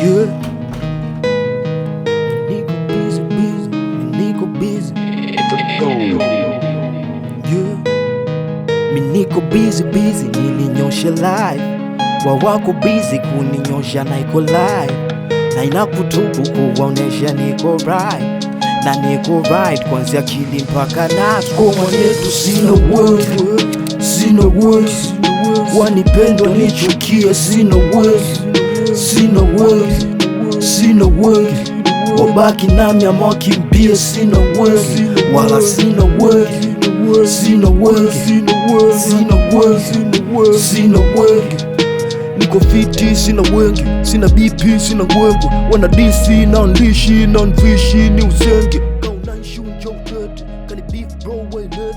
Yeah. Nico busy, busy, Nico busy. Yeah. Mi niko busy busy, live wawako busy kuninyosha na iko live na inakutubu kuwaonesha niko right na niko right kwanzia kili mpaka nafsi. Ngoma yetu sina wezi, sina wezi, Wanipendwa nichukie, sina wezi sina wengi, sina wengi, wabaki nami ama wakimbie, sina wengi, wala sina wengi, sina wengi, sina wengi, sina wengi niko fiti, sina wengi, sina BP, sina wengi wana DC na andishi na nvishi ni usenge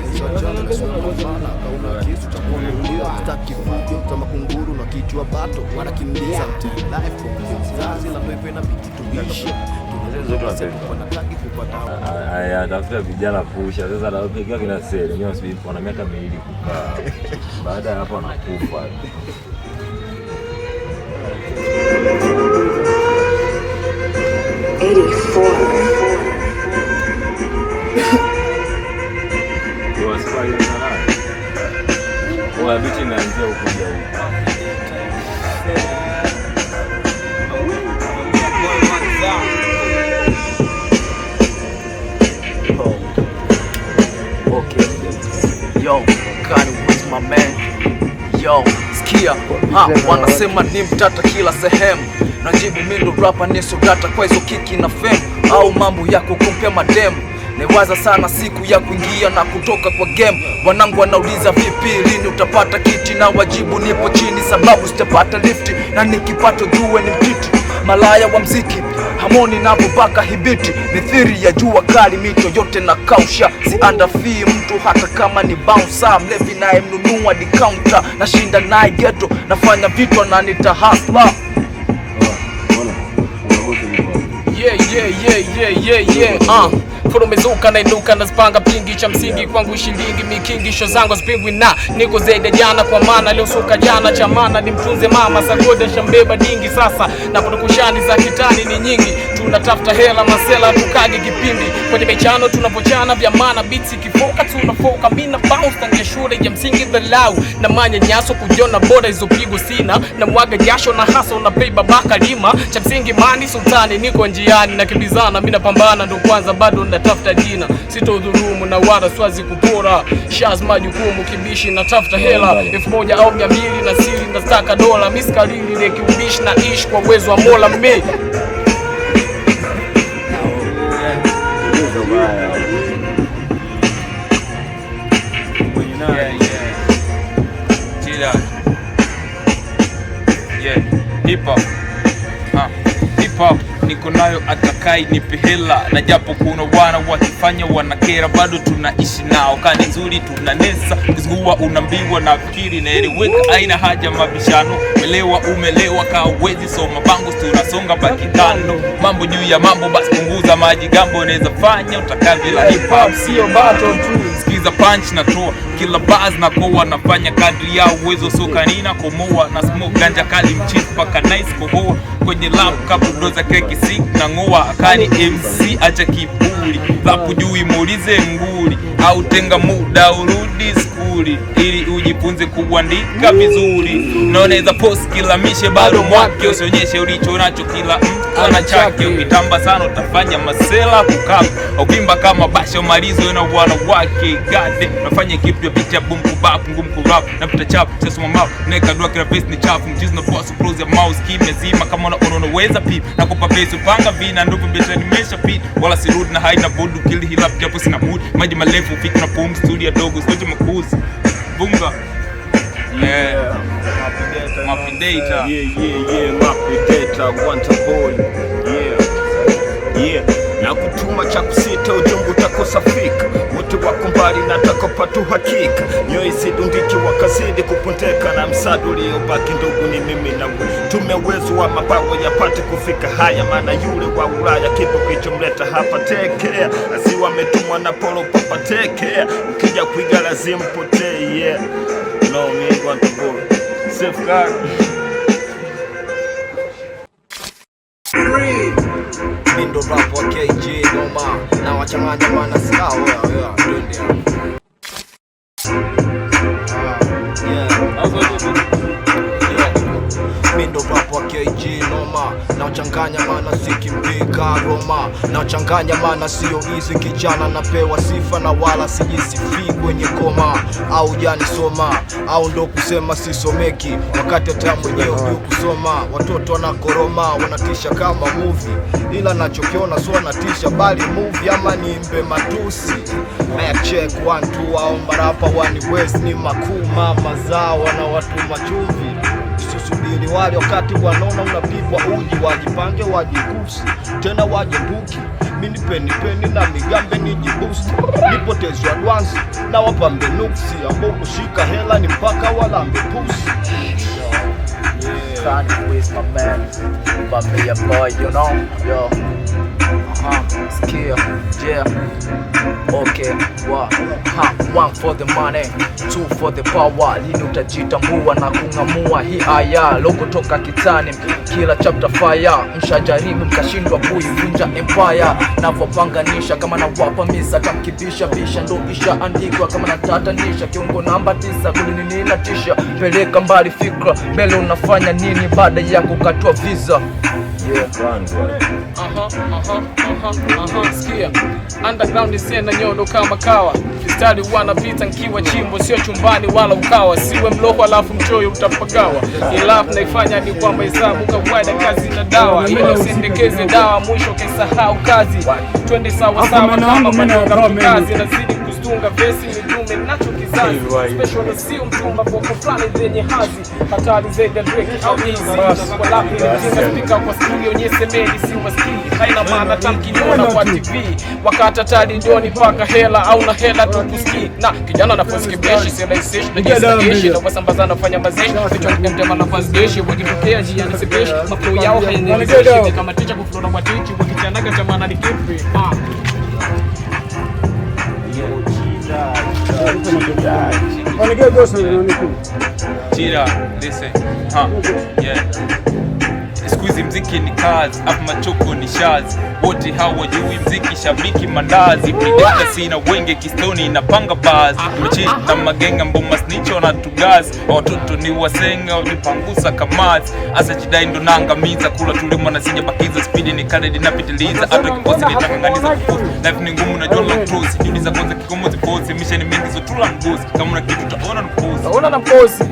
akaona tafuta vijana pusha sasa, anapigiwa kina seli, wana miaka miwili kukaa, baada ya hapo anakufa. Bichi inaanzia huko. Oh, Yo, ha, wanasema ni mtata kila sehemu, najibu mindo rapa niso data kwa hizo kiki na fame au mambo ya kukumpia mademu Niwaza sana siku ya kuingia na kutoka kwa game. Wanangu wanauliza vipi, lini utapata kiti? Na wajibu nipo chini, sababu sitapata lifti, na nikipata jue ni mtiti. Malaya wa mziki Hamoni na bubaka hibiti, mithiri ya jua kali, mito yote na kausha. Si fee mtu hata kama ni bouncer, mlevi naye mnunua di counter, nashinda naye ghetto, nafanya vitu ananita hasla oh, Yeah, yeah, yeah, yeah, yeah, yeah. Uh mezuka na inuka na zipanga pingi cha msingi kwangu shilingi mikingisho zangu zipingwi na niko zaidi jana kwa maana suka jana chamana nimtunze mama sagode shambeba dingi sasa na kutukushani za kitani ni nyingi tunatafuta hela masela tukage kipindi kwenye mechano tunapochana vya maana biti kifoka tunafoka na bounce tangia shule ya msingi dhalau na manya nyaso kujona bora pigo sina na mwaga jasho na hasa na pei babaka lima cha msingi mani sultani niko njiani na kibizana mi napambana ndo kwanza bado natafuta jina sitodhulumu na wala swazi kupora shaz majukumu kibishi natafuta hela elfu moja au mia mbili na siri nataka dola miskalili lekiubishi na ish kwa uwezo wa mola mme When you're not. Yeah, yeah. Chill out. Yeah. Hip hop. Huh. Ah, Hip hop. niko nayo atakai nipe hela, na japo kuna wana wakifanya wanakera, bado tunaishi nao kani nzuri, tunanesa kuzugua, unambiwa na fikiri eleweka, aina haja mabishano, melewa umelewa, kawezi soma bango, tunasonga bakitano, mambo juu ya mambo, basi punguza gambo, unaweza fanya utakavyo, hip hop sio battle tu, sikiza punch na toa kila bars na kwa nafanya kadri ya uwezo so kanina komoa na smoke ganja kali mchief paka nice kohoa kwenye kapu kapudoza keki sik na ngoa akani MC acha kipuli lapu juu imuulize nguli au tenga muda urudi vizuri ili ujifunze kuandika vizuri, Naoneza post kila mishe bado mwake, usionyeshe ulicho nacho, kila mtu ana chake. Ukitamba sana utafanya masela kukapa, ukimba kama basho malizo na bwana wake gade, nafanya kitu ya picha boom kubap ngum kurap na pita chap sasa mama na kadua kila face ni chafu, mjizo na boss close ya mouse kimezima, kama una unaona unaweza pip na kupa face upanga vina ndugu biashara nimesha pita, wala sirudi na haina bodu kill hila japo sina mood maji marefu fikra pumzi studio dogo sote makuzi Bunga. Eh, yeah. Yeah, yeah, yeah, wanta boy. Yeah. Yeah. Na kutuma cha kusita ujumbe utakosa fika. Wote wako mbali nataka pata uhakika. Nyoyo isidundiki wakazidi kupunteka, na msaada uliobaki ndugu ni mimi na wewe. Tume uwezo wa mabawa yapate kufika haya maana yule wa Ulaya kipo kichomleta hapa tekea. Asiwa ametumwa na Polo Papa tekea. Ukija kuiga lazima potee yeah. No, me ain't going to vote. Sif Cock. Mindo rap wa KJ Noma na wachanganya mana sikao, yeah, yeah, twende kwa KG noma naochanganya mana sikimbika Roma naochanganya mana sio hizi kijana napewa sifa na wala sijisifii kwenye koma au jani soma au ndo kusema sisomeki wakati hata mwenyewe juu kusoma watoto wanakoroma wanatisha kama movie ila nachokiona sio natisha bali movie ama niimbe matusi Mac check one two, au mbarapa wani west ni makuu mama zao na watu machumvi ni wale, wakati wanaona unapigwa uji, wajipange wajikusi tena wajibuki peni na migambe jibusti nipotezwa advansi na wapambe nuksi, ambao kushika hela ni mpaka walambe pusi uh-huh. yeah. One for the money, two for the power. Lini utajitambua na kung'amua hii aya loko toka kitani, kila chapter fire. Mshajaribu mkashindwa kuivunja empire, navopanganisha kama na wapa misa kamkibisha bisha ndo isha andikwa kama na tatanisha kiungo namba tisa kulininina tisha peleka mbali fikra mbele, unafanya nini baada ya kukatua visa? Sikia underground sie nyondo kama kawa mstari wanapita nkiwa chimbo sio chumbani wala ukawa siwe mloko alafu mchoyo utapagawa ilafu naifanya ni kwamba hesabu kawaida kazi na dawa ili usindekeze dawa mwisho kisahau kazi twende sawasawa kama kazi nazidi kutunga vesi mitume nacho kizazi special MC mtumba boko fulani zenye hazi hatari zaidi break au hizi walapi nimejenga spika kwa studio nye semeni si maskini haina maana tamkiniona kwa TV wakata tadi ndioni paka hela au na hela tukuski na kijana na fosi kibeshi si raisishi na jisikishi na wasambazana fanya mazeshi vichwa mtemtema na fasi deshi wakitokea njia ni sepeshi mapro yao haenelezeshi kama ticha kufutona kwa tichi wakichanaga cha maana ni kipi ah Wanajua Tira, listen. Huh. Yeah. mziki ni kazi, ama machoko ni shazi, wote hawajui mziki, shabiki mandazi, pideka sina wenge, kistoni inapanga bazi, na magenga, mboma snicho na tugazi, watoto ni wasenga, wajipangusa kamazi, asa jidai ndo naangamiza, kula tulimo na bakiza spidi ni kale dinapitiliza, hata kikosi takanganiza kukosi, life ni ngumu na jolo cross, juhudi za kwanza kikomo zikosi, misheni mingi zotula ngozi, kama una kitu taona na mkosi, taona na mkosi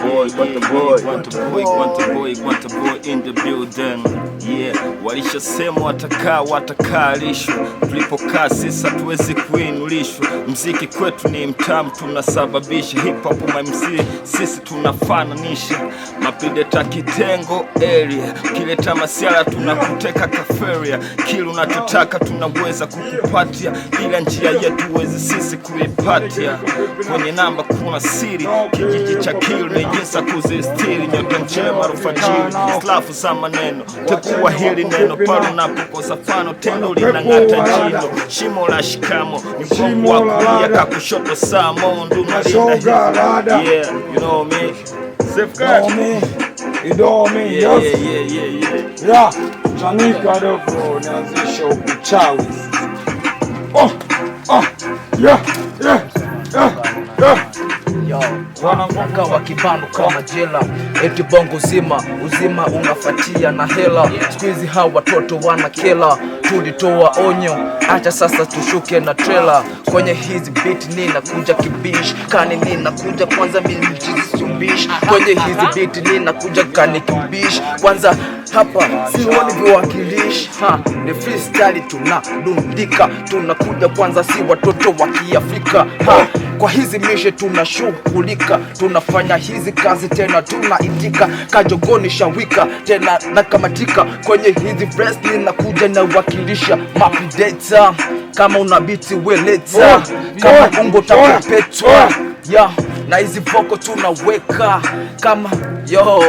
boy, Quanta boy, Quanta boy, Quanta boy, Quanta boy in the building. Yeah, walishasema watakaa watakaalishwa, tulipokaa sisi hatuwezi kuinulishwa. Mziki kwetu ni mtamu, tunasababisha hip hop MC, sisi tunafananisha mapinde ta kitengo area, kileta masiara tunakuteka kaferia, kila unachotaka tunaweza kukupatia, ila njia yetu wezi sisi kuipatia. Kwenye namba kuna siri, kijiji cha Kilni Gisa kuzistiri nyoto njema alfajiri, slafu za maneno tekuwa hili neno pale unapokosa fano, tendo linang'ata jino. Shimo la shikamo ni mgongo wa kulia kakushoto, saa mondu nalinda. Yeah, wanavuka kama jela eti bongo zima uzima unafatia na hela, skuizi hawa watoto wanakela tulitoa onyo, acha sasa tushuke na trela kwenye hizi beat, ninakuja kibish kani, ninakuja kwanza mimichisiubish kwenye hizi beat, ninakuja kani kibish kwanza hapa si ha, ni freestyle, tunadundika tunakuja kwanza, si watoto wa Kiafrika. Kwa hizi mishe tunashughulika, tunafanya hizi kazi tena tunaitika, kajogoni shawika tena nakamatika kwenye hizi verse ninakuja na waki kuwakilisha mapideta kama unabiti weleta kama ungo tapepetwa ya na hizi voko tunaweka kama yo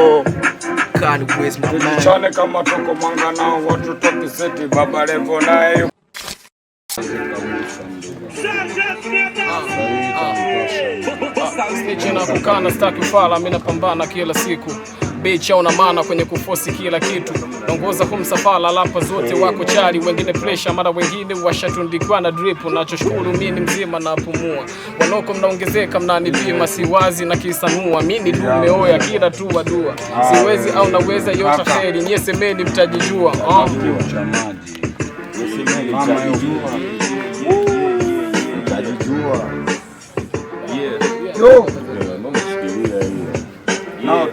kani kama toko manga na watu toki seti baba levo naye ah, ah. Sitaki ufala, mimi napambana kila siku bitch au na maana kwenye kufosi kila kitu. Naongoza huu msafara lapa zote wako chali, wengine pressure, mara wengine washatundikwa na drip. Nachoshukuru mimi ni mzima na pumua, wanoko mnaongezeka, si wazi na kisanua. Mimi tu oya kila tu wadua, siwezi au naweza yote heri, nyie semeni mtajijua oh. Mtajijua. Yeah. Ah,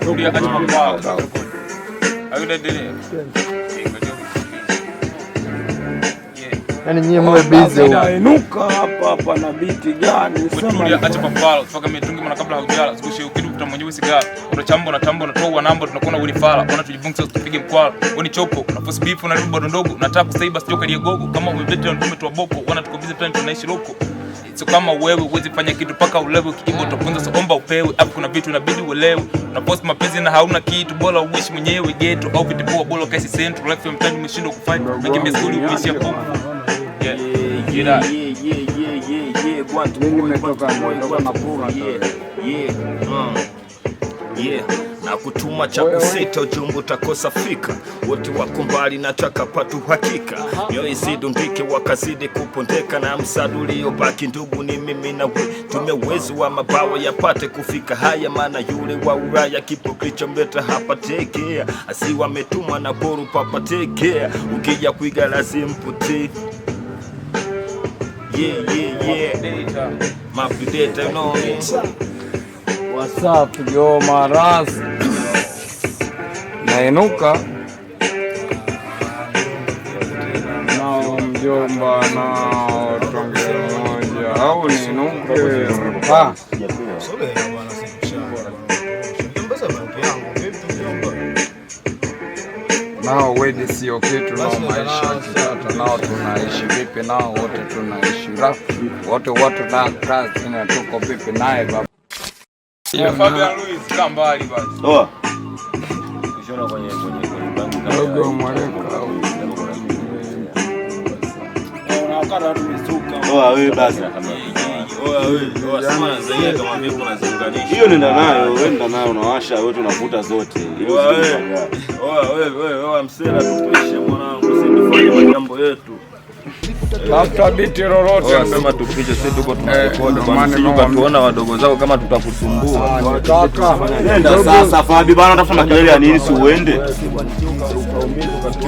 yani nyie mwe bize huko. Inuka hapa hapa na biti gani? Sema acha papalo, tufaka mitungi mwana kabla haujala. Zikushi ukidu mtu mwenyewe sigara. Unachamba na tamba unatoa namba tunakuwa na ulifala. Ona tujibunga sasa tupige mkwala. Oni chopo, na force beef na rubo ndondogo. Nataka kusaiba sio kali gogo. Kama umebeta ndio umetwa boko. Wana tukobize tena tunaishi loko. So kama wewe uwezi fanya kitu paka ulewe, ukiimba utafunza, so omba upewe. Hapo kuna vitu inabidi uelewe, na post mapenzi na hauna kitu, bora uishi mwenyewe geto au vitibua, bora kaisi central life ya umeshindwa kufanya, nakimbia skuli uishi hapo yeah. yeah, yeah, yeah, yeah, yeah, yeah. Mimi nimetoka moyo kwa mapura yeah, yeah. yeah yeah. na kutuma cha kusita ujumbe utakosa fika, wote wako mbali, nataka patu hakika, mioyo isidundike, wakazidi kupondeka na msaada baki ndugu ni mimi na we, tume uwezo wa mabawa yapate kufika haya, maana yule wa Ulaya kipo kilichomleta hapa, tekea asiwa ametumwa na boru papa, tekea ukija kuiga lazima mpotee yeah, yeah, yeah. Mapideta, you know What's up yo maras, nainuka na mjomba na tonge moja au ninuke ah. nao wedi sio kitu nao maisha kitata nao tunaishi vipi? Nao wote tunaishi rafu wote wote na kazi na tuko vipi naye baba hiyo nenda nayo, wewe nenda nayo, unawasha wewe, tunavuta zote mwanangu, sifanye mambo yetu. Tafuta biti eh, wadogo zao kama tutakusumbua. Nenda sasa Fabi bwana, tafuta makelele ya nini? Si uende wadogo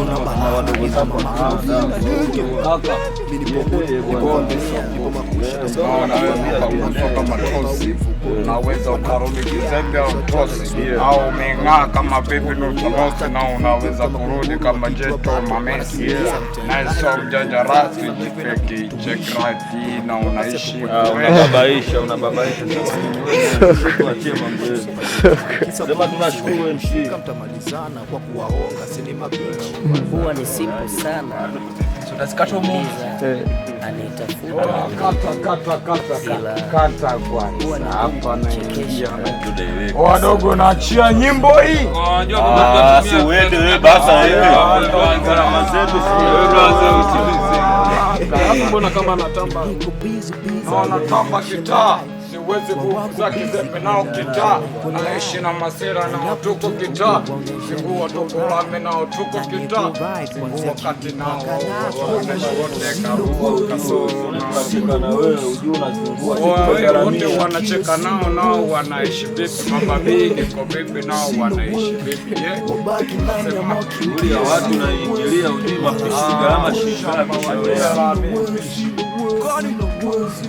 uso kama tosi, unaweza ukarudi kizembe au mtosi au umeng'aa kama vipi nusunusi, na unaweza kurudi kama Jeto Mamesi, na sio mjanja rasi jipeki chekrati, na unaishi unababaisha, unababaisha. Tunashukuru mtamalizana kwa kuwaonga sinema, mvua ni sipo sana wadogo, naachia nyimbo hii. Ah, kama kitaa uweze nguvu kizembe nao kitaa anaishi na masira nao tuko kitaa sikuwa tukulame na tuko kitaa sikuwa kati nao wote wanacheka nao nao wanaishi vipi? Mababii niko vipi? Nao wanaishi vipi? watu